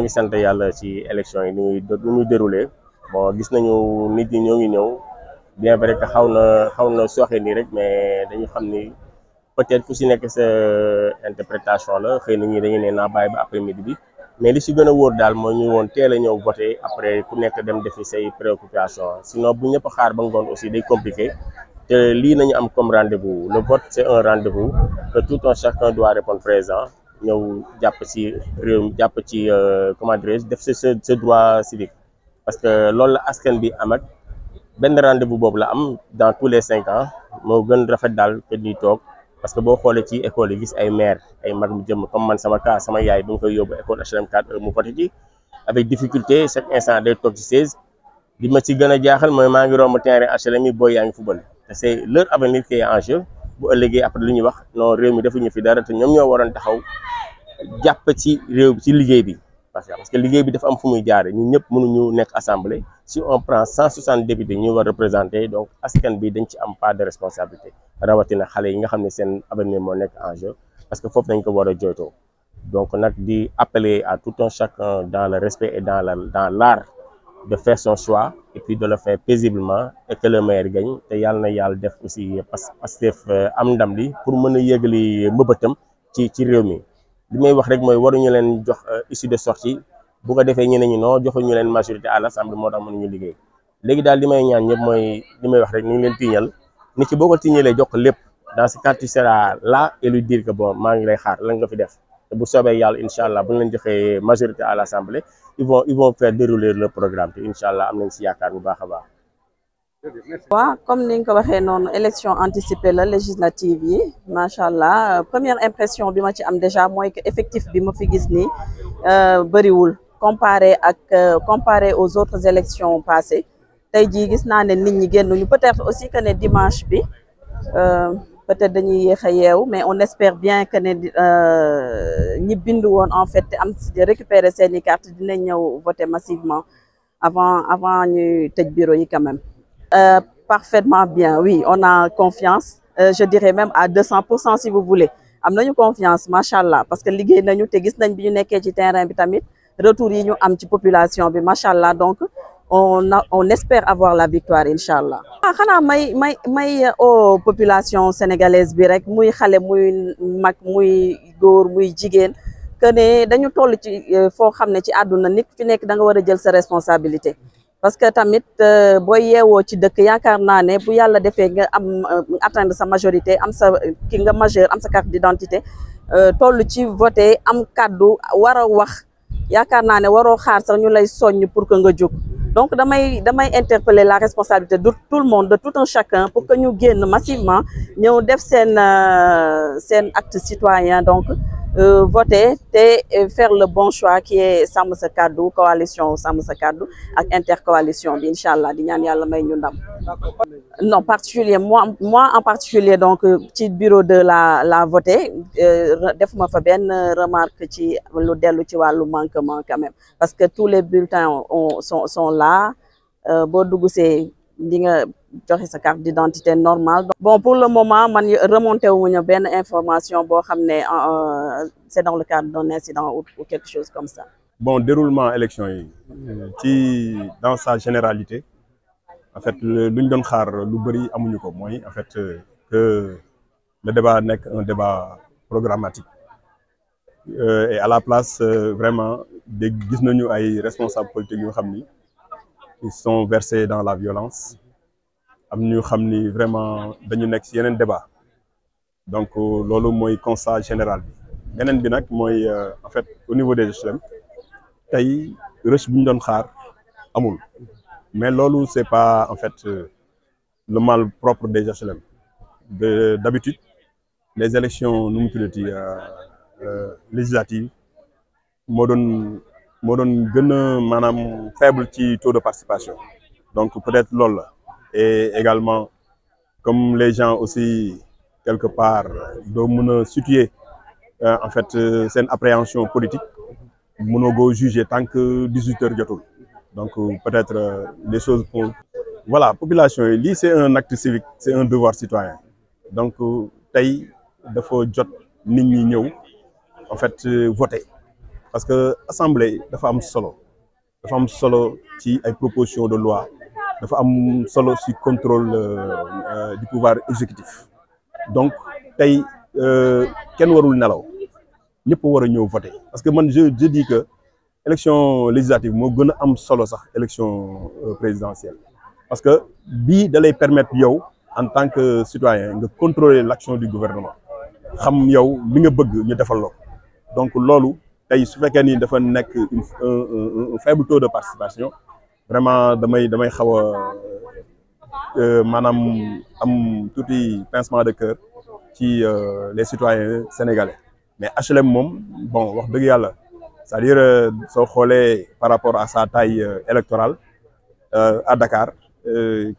ñoo ngi sant yàlla ci élection yi ni muy ni muy déroulé bon gis nañu nit ñi ñoo ñëw bien vrai que xaw na xaw na sooxe nii rek mais dañu xam ni peut-être ku si nekk sa euh, interprétation la xëy na ñii dañu ne naa bàyyi ba après midi bi mais li si gën a wóor daal moo ñu woon teela a ñëw voté après ku nekk dem defi say préoccupation sinon bu ñëpp xaar ba ngoon aussi day compliqué te lii nañu am comme rendez-vous le vote c'est un rendez-vous que tout un doit ñëw jàpp ci réew mi jàpp ci euh, comment dirais-je def sa sa droit civique parce que loolu la askan bi amat benn rendez-vous boobu la am dans tous les cinq ans moo gën rafet daal que ñuy toog parce que boo xoolee ci école yi gis ay maire ay mag mu jëm comme man sama cas sama yaay bi nga koy yóbbu école HLM 4 mu voté ci avec difficulté chaque instant day toog ci 16 li ma ci gën a jaaxal mooy maa ngi romb terrain HLM yi booy yaa ngi football te c'est leur avenir qui est en jeu lu ñuy wax non réew mi defuñu fi dara ñoom ñoo waroon taxaw jàpp ci réew ci bi parce que liggéey bi dafa am fu muy jaare ñun ñëpp mënuñu si on prend 160 députés nous va représenter donc askan bi dañ ci am pas de responsabilité na xalé yi nga xamné sen seen avenir moo en jeu parce que foofu dañ ko wara joyto donc nak di appeler à tout un chacun dans le respect et dans la dans l'art de faire son choix et puis de le faire paisiblement et que le maire gagne te yàlla na yàlla def aussi Pastef euh, am ndam li pour mëna a yëgali mbëbëtam ci ci réew li may wax rek mooy waruñu leen jox euh, issue de sortie bu ko defee ñeneen ñi noo joxuñu leen majorité à l'Assemblée moo tax mënuñu liggéey léegi daal li may ñaan ñëpp mooy li may wax rek ni ngi leen tiñal nit ki boo ko tiñalee jox ko lépp dans ce cas tu seras là et lui dire que bon maa ngi lay xaar lan nga fi def te bu soobee yàlla incha allah bu ñu leen joxee majorité à l'Assemblée ils vont ils vont faire dérouler le programme te incha allah am nañ si yaakaar bu baax a baax comme nous avons eu élection anticipée la législative yi première impression que j'ai déjà que effectif bi ma fi euh, euh, comparé aux autres élections passées peut-être aussi que le dimanche euh, peut-être que nous a mais on espère bien que nous ñi en fait am récupérer ces cartes carte voter massivement avant avant ñu le bureau quand même euh, parfaitement bien, oui. On a confiance, euh, je dirais même à 200% si vous voulez. am confiance mashallah, parce que liggéey nañu te gis nañ bi ñu le ci terrain bi tamit retour yi ñu am ci population bi donc on a, on espère avoir la victoire inshallah. Je ah que may may may euh, population sénégalaise bi rek muy xale muy mag muy góor muy que nous, dañu toll ci foo xam ci àdduna jël sa responsabilité parce que tamit euh, bo yewo ci deuk yaakaar naa bu yalla defé nga am euh, atteindre sa majorité am sa ki nga majeur am sa carte d'identité euh, tollu ci voter am cadeau war wax yaakaar waro ne xaar sax ñu lay soññ pour que nga juk donc damay damay interpeller la responsabilité de tout le monde de tout un chacun pour que ñu guen massivement ñeu def sen sen acte citoyen donc euh, voter et euh, faire le bon choix qui est Samusakadu, coalition Samusakadu Kadou, intercoalition bi incha allah di ñaan non particulier moi moi en particulier donc petit euh, bureau de la la voter def ma fa benn remarque le lu tu vois le manquement quand même parce que tous les bulletins sont sont là boo dugg c'est joxe sa carte d'identité normale bon pour le moment man remonté une ben information une euh, euh, c'est dans le cadre d'un incident ou quelque chose comme ça bon déroulement élection yi dans sa généralité en fait en fait euh, que le débat n'est qu'un débat programmatique et à la place vraiment des responsables politiques ils sont versés dans la violence am ñu vraiment dañu nekk ci yeneen débat donc euh, lolu moy constat général bi benen bi nak moy euh, en fait au niveau des HLM tay rush buñ doon xaar amul mais lolu c'est pas en fait euh, le mal propre des HLM de d'habitude les élections nous mu tuddati législatives modon modon moo faible ci taux de participation donc peut-être lolu et également comme les gens aussi quelque part de nous situer euh, en fait c'est euh, une appréhension politique Nous pas juger tant que 18 heures tout. donc euh, peut-être des choses pour voilà population c'est un acte civique c'est un devoir citoyen donc tay faut en fait voter parce que assemblée de am solo dafa am solo qui une proposition de loi dafa am solo le contrôle euh, euh, du pouvoir exécutif donc tey euh, kenn warul nelaw ñepp wara ñeu voter parce que man je dis que élection législative mo une am élection présidentielle parce que bi da lay permettre yow en tant que citoyen de contrôler l'action du gouvernement xam yow li nga bëgg ñu défal lo donc lolu tay su fekkee dafa un faible taux de participation vraiment damay damay xawa euh, am pincement de cœur ci euh, les citoyens sénégalais mais HLM bon wax c'est-à-dire euh, son par rapport à sa taille électorale à Dakar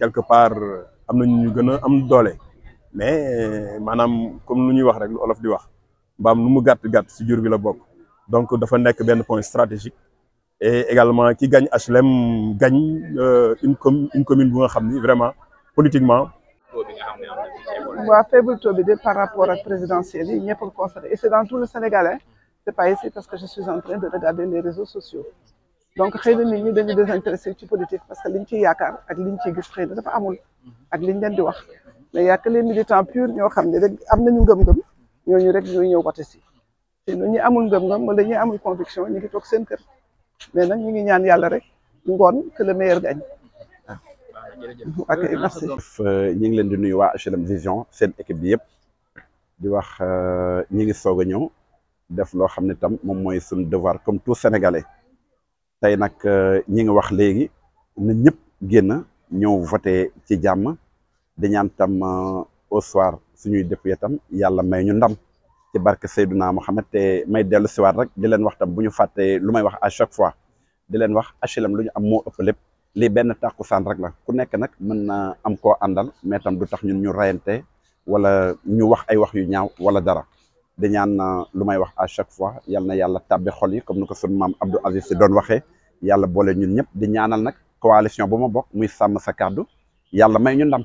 quelque part am am mais manam comme lu ñuy wax rek di wax mu donc point stratégique et également qui gagne HLM gagne euh, une commune une commune bu nga vraiment politiquement. Moi, faible taux bi de par rapport la présidentielle a pas ko conseil. et c'est dans tout le Sénégal hein c'est pas ici parce que je suis en train de regarder les réseaux sociaux donc rien de nit ñi dañu désintéressé ci politique parce que liñ ciy yaakaar ak liñ ciy gis xëy dafa amul ak liñ leen di wax mais y a que les militants purs ñoo xamné rek am nañu ngëm-ngëm ñooñu rek ñooy ñëw wote si te ñi amul ngëm-ngëm wala ñi amul conviction ñi ngi tok seen kër. mais nag ñu ngi ñaan yàlla rek ngoon que le meilleur gagne waaw. Ah. Euh, ñu ngi leen di nuyu waa HLM Vision seen équipe bi yëpp di wax euh, ñi ngi soog a ñëw def loo xam ne tam moom mooy suñu devoir comme tout sénégalais tey nag euh, ñi ngi wax léegi na ñëpp génn ñëw vote ci jàmm di ñaan tam au soir suñuy député tam yàlla may ñu ndam. ci barke sayyidina Mohamed te may ci wat rek di len wax tam buñu faté fàttee lu may wax à chaque fois di len wax HLM luñu am mo ëpp lépp lii benn tàkkusaan rek la ku nekk nak mën na am ko àndal mais tam du tax ñun ñu rayante wala ñu wax ay wax yu ñaaw wala dara di ñaan lu may wax à chaque fois yalla na yàlla tàbbi xol yi comme ni sun mam Abdou Aziz ci doon waxé yàlla bolé ñun ñëpp di ñaanal nak coalition bu ma muy sam sa cadeau yàlla may ñu ndam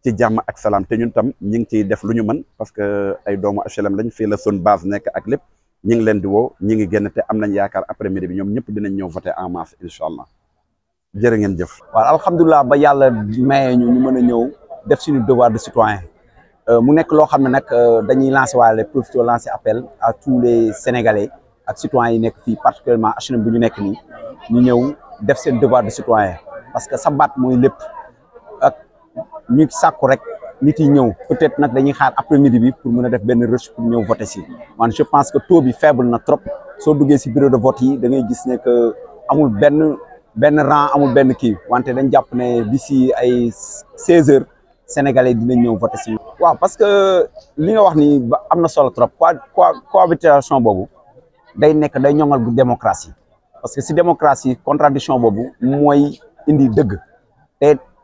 ci jàmm ak salaam te ñun tam ñu ngi ciy def lu ñu man parce que ay doomu HLM lañ fii la sun base nekk ak lépp ñu ngi leen di woo ñu ngi génn te am nañ yaakaar après midi bi ñoom ñëpp dinañ ñëw voter en masse incha allah jërë ngeen jëf. waaw alhamdulilah ba yàlla mayee ñu ñu mën a ñëw def suñu devoir de citoyen euh, mu nekk loo xam ne nag euh, dañuy lancer waale profité lancer appel à tous les sénégalais ak citoyens yi nekk fii particulièrement HLM bi ñu nekk nii ñu ñëw def seen devoir de citoyen parce que sa baat ñu sàkku rek nit yi ñëw peut-être nag dañuy xaar après midi bi pour mën a def benn rush pour ñëw voter si man je pense que taux bi faible na trop soo duggee si bureau de vote yi da ngay gis ne que amul benn benn rang amul benn kii wante dañ jàpp ne d'ici ay 16 heures sénégalais dinañ ñëw voter si. waa parce que li nga wax ni am na solo trop quoi cohabitation boobu day nekk day ñoŋal bu démocratie parce que si démocratie contradiction boobu mooy indi dëgg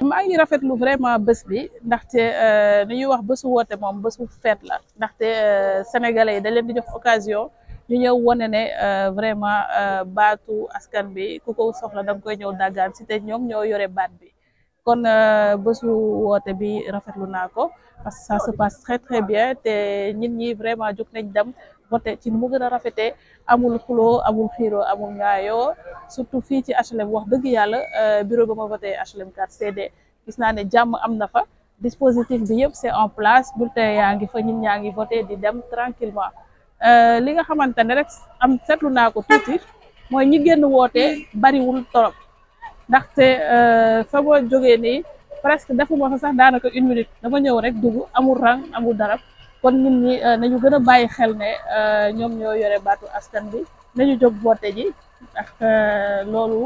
maa ngi rafetlu vraiment bés bi ndaxte nu euh, ñuy wax bésu woote moom bésu feet la ndaxte euh, sénégalais yi da leen di jox occasion ñu ñëw wane ne euh, vraiment baatu askan bi ku ko soxla da nga koy ñëw daggaan si te ñoom ñoo yore baat bi kon bésu woote bi rafetlu naa ko parce que ça se passe très bien te nit ñi vraiment jóg nañ dam voté ci nu mu gën a rafetee amul xuloo amul xiiroo amul ngaayoo surtout fii ci HLM wax dëgg yàlla euh, bureau ba ma voté HLM 4CD gis naa ne jàmm am na fa dispositif bi yëpp c'est en place bulletin yaa ngi fa ñun ñaa ngi voté di dem tranquillement euh, li nga xamante ne rek am seetlu naa ko tuuti mooy ñi génn woote bariwul ndax ndaxte euh, fa ma jógee nii presque dafu fa sax daanaka une minute dama ñëw rek dugg amul rang amul darab kon nit ñi euh, nañu gën a bàyyi xel ne euh, ñoom ñoo yore baatu askan bi nañu jóg voté ji ndax euh, loolu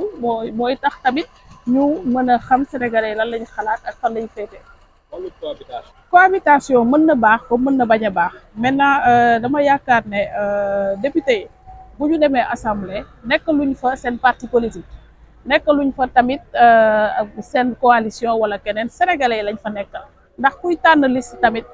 mooy tax tamit ñu mën a xam sénégalais lan lañ xalaat ak fan lañ féete cohabitation mën na baax ko mën na bañ a baax maintenant dama yaakaar ne député yi bu ñu demee assemblée nekk luñ fa seen parti politique nekk luñ fa tamit seen coalition wala keneen sénégalais lañ fa nekkal ndax kuy tànn liste tamit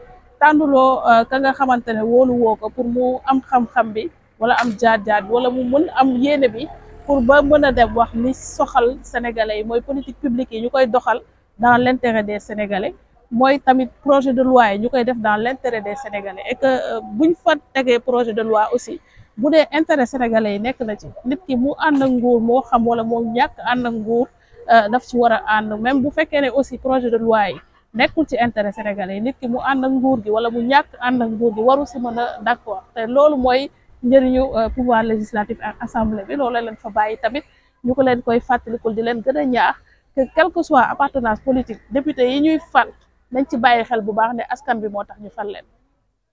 lo euh, ka nga xamantene wolu woko pour mu am xam-xam bi wala am jaat-jaat wala mu mën am yene bi pour ba mëna a dem wax ni soxal sénégalais moy politique publique yi ñukoy doxal dans l'intérêt des sénégalais moy tamit projet de loi yi ñukoy def dans l'intérêt des sénégalais et que euh, buñ fa tégué projet de loi aussi bu dee intérêt sénégalais nek na ci nit ki mu and ak nguur mo xam wala mo ñak and ak nguur euh, daf ci wara and même bu fekké né aussi projet de loi yi nekkul ci intérêt sénégalais nit ki mu ànd ak nguur gi wala mu ñàkk ànd ak nguur gi waru si mën a d'accord te loolu mooy njëriñu euh, pouvoir législatif ak assemblée bi loolu leen fa bàyyi tamit ñu ko leen koy fàttalikul di leen gën a ñaax que quel que soit appartenance politique député yi ñuy fal nañ ci bàyyi xel bu baax ne askan bi moo tax ñu fal leen.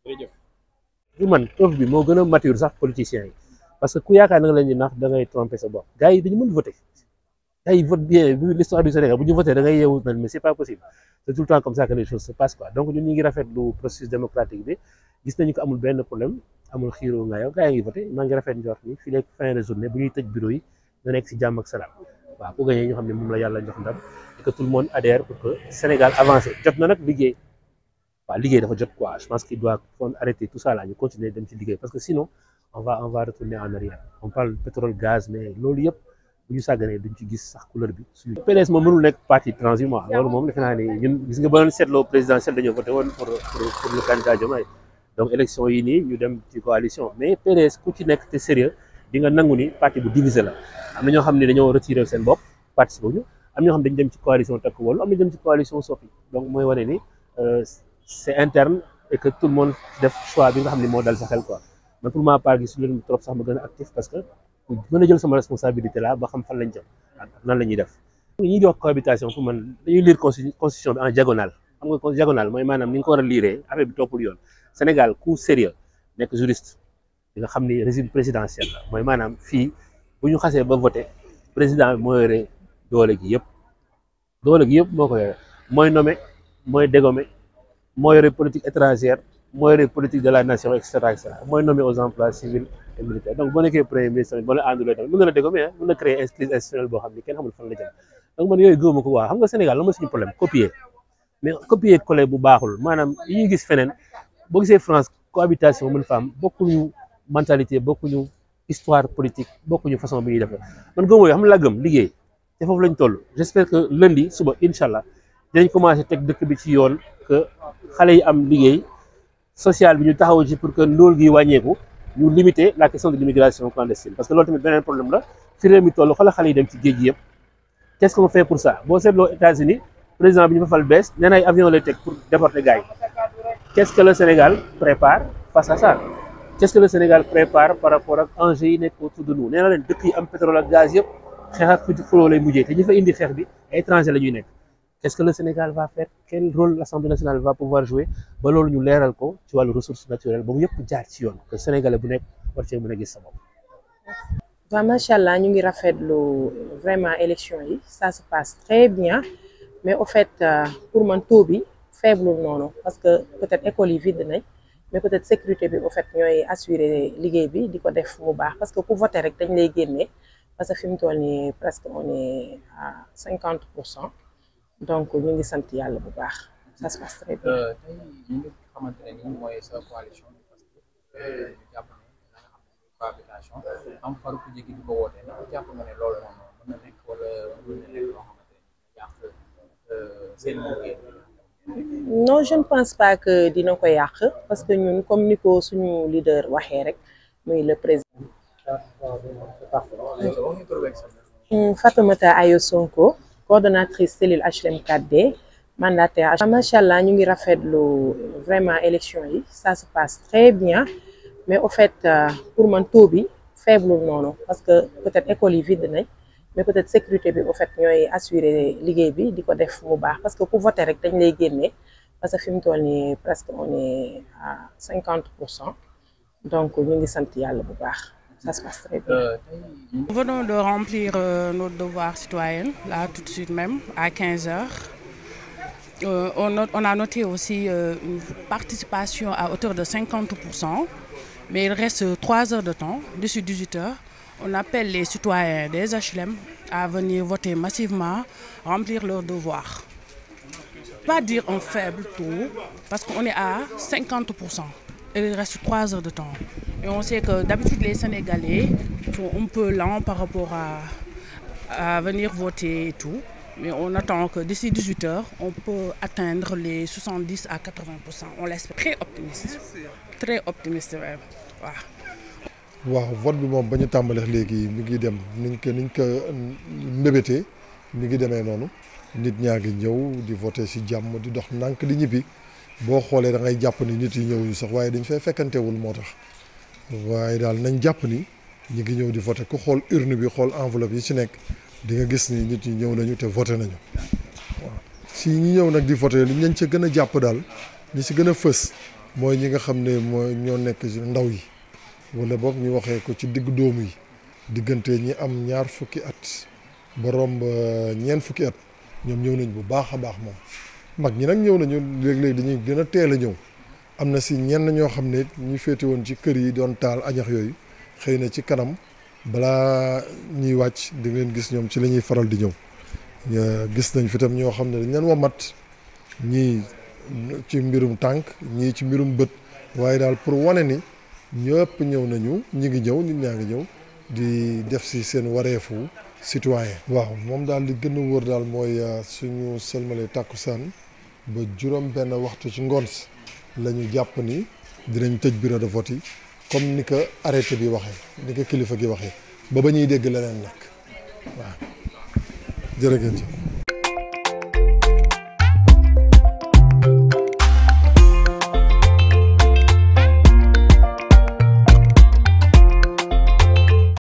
jërëjëf man preuve bi moo gën a mature sax politiciens yi parce que ku yaakaar na nga leen di nax da ngay tromper sa bopp gars yi dañu mën voter il ils bien. Vu l'histoire du Sénégal, vous votez, mais ce n'est pas possible. C'est tout le temps comme ça que les choses se passent. Donc, nous avons fait le processus démocratique. Nous avons fait problème. Nous avons fait Nous avons fait problème, nous avons ni fin avons fait bureau nous avons fait que tout le monde adhère pour que Sénégal avance. Nous avons fait Nous avons fait je pense qu'il doit arrêter tout ça continuer parce que sinon on va on va retourner en arrière on parle pétrole gaz mais le bu ñu sàgganee duñ ci gis sax couleur bi suñu PDS moom mënul nek parti transhumant lolu mom defe naa ne ñun gis nga ba doon présidentiel dañu voté won pour pour pour le candidat jomay donc élection yi ni ñu dem ci coalition mais PDS ku ci nek té sérieux di nga nangu ni parti bu divisé la am ñoo xamni ne dañoo retiré seen parti bu ñu am ñoo xam dañu dem ci coalition tak wol am na dem ci coalition soppi donc moy wone ni euh, c'est interne et que tout le monde def choix bi nga xamni mo dal sa xel quoi mais pour ma part gis lu trop sax ma gëna actif parce que ku mën a jël sama responsabilité la ba xam fa lañ jëm nan la ñuy def ñi di wax cohabitation pour man dañuy lire constitution bi en diagonale xam nga diagonale mooy maanaam ni nga ko war a lire affaire bi toppul yoon Sénégal ku sérieux nekk juriste di nga xam ni régime présidentiel la mooy maanaam fii bu ñu xasee ba voté président bi moo yore doole gi yëpp doole gi yëpp moo ko yore mooy nommé mooy dégommé moo yore politique étrangère mooy rek politique de la nation et cetera et cetera mooy nommé aux emplois civils et militaires donc boo nekkee premier ministre tamit boo la àndulee tamit mën na la dégommer ah, mën na créer crise institutionnelle boo mais copier coller bu baaxul maanaam yi ñuy gis feneen boo gisee France cohabitation mën fa am bokkuñu mentalité bokkuñu histoire politique bokkuñu façon bi ñu def man gëwuma yoo xam laa gëm liggéey te foofu lañ toll j'espère que lundi suba incha allah dinañ commencé teg dëkk bi ci yoon xale yi am liggéey Social, bi ñu taxaw ci pour que nous gi wàññeeku ñu limiter la question de l'immigration clandestine parce que loolu tamit beneen problème la fi réew mi toll xala xale yi dem ci géej gi yëpp qu'est-ce qu'on fait pour ça boo seetloo États-Unis président bi ñu fa fal bees nee na ay avion lay teg pour déporter gars yi qu'est-ce que le Sénégal prépare face à ça qu'est-ce que le Sénégal prépare par rapport ak enjeux yi nekk autour de nous nee na leen dëkk yi am pétrole ak gaz yëpp xeex ak futi xuloo lay mujjee te ñu fa indi xeex bi étranger la ñuy nekk qu'est-ce que le Sénégal va faire quel rôle l'Assemblée nationale va pouvoir jouer ba nous ñu leeral ko ci les ressources naturelles, ba mu y jaar ci yoon que Sénégalais bu nekk war cee mën a gis sa bopp. ma macha allah ñu ngi rafetlu vraiment élection ça se passe très bien mais au fait euh, pour mon taux faible faible non parce que peut-être école yi vide mais peut-être sécurité bi au fait nous assurer liggéey bi di est def bu parce que pour voter rek dañ lay mais parce que nous mu presque on est à 50% donc ça se passe très bien. Euh, coalition non je ne pense pas que dino parce que nous communiquons, leader mais le président. Ah, Fatoumata Ayosonko, coordonnatrice cellule HLM 4D mandataire macha allah ñu ngi le vraiment élection yi ça se passe très bien mais au fait euh, pour mon taux bi faible non, parce que peut-être école yi vide mais peut-être sécurité bi au fait nous assurer assuré bi di def bu baax parce que pour voter rek dañ lay parce que nous sommes presque on est à 50%, donc nous ngi sant yàlla bu ça se bien. Euh, Nous venons de remplir nos euh, notre devoir citoyen, là tout de suite même, à 15h. Euh, on, a noté aussi une participation à hauteur de 50%, mais il reste 3 heures de temps, dessus 18 heures. On appelle les citoyens des HLM à venir voter massivement, remplir leurs devoirs. Pas dire en faible taux, parce qu'on est à 50% il reste trois heures de temps. Et on sait que d'habitude, les Sénégalais sont un peu lents par rapport à, à venir voter et tout. Mais on attend que d'ici 18 heures, on peut atteindre les 70 à 80 On l'espère. Très optimiste. Très optimiste même. vote voter boo xoolee da jàpp ni nit yi ñëwuñu sax waaye dañ fay fekkantewul moo tax waaye daal nañ jàpp ni ñi ngi ñëw di voté ku xool urne bi xool enveloppe yi si nekk di nga gis ni nit yi ñëw nañu te voté nañu waaw si ñi ñëw nag di voté li ñañ ca gën a jàpp daal ñi si gën a fës mooy ñi nga xam ne mooy ñoo nekk ndaw yi wala boog ñu waxee ko ci diggu dóom yi diggante ñi am ñaar fukki at ba romb euh, ñeent fukki at ñoom ñëw nañ bu baax a baax moom mag ñi nak ñew nañu leg leg dañuy gëna téla ñew amna ci ñen na ñoo xam ne ñu féete woon ci kër yi doon taal añax yoy xeyna ci kanam bala ñi wacc di ngeen gis ñom ci lañuy faral di ñëw ya, gis nañ fi tam ñoo xam dañ leen wamat ñii ci mbirum tank ñi ci mbirum bëtt waye dal pour wane ni ñepp ñew nañu ñi ngi ñew nit ñaa ngi ñëw di def ci seen wareefu citoyen waaw moom daal li gën a wóor daal mooy ya, suñu sëlmale tàkkusaan ba juróom benn waxtu ci ngoon si la ñu jàpp ni dinañ tëj bureau de vote comme ni ko arrêté bi waxee ni ko kilifa gi waxee ba ba ñuy dégg leneen nag waaw jërëjëf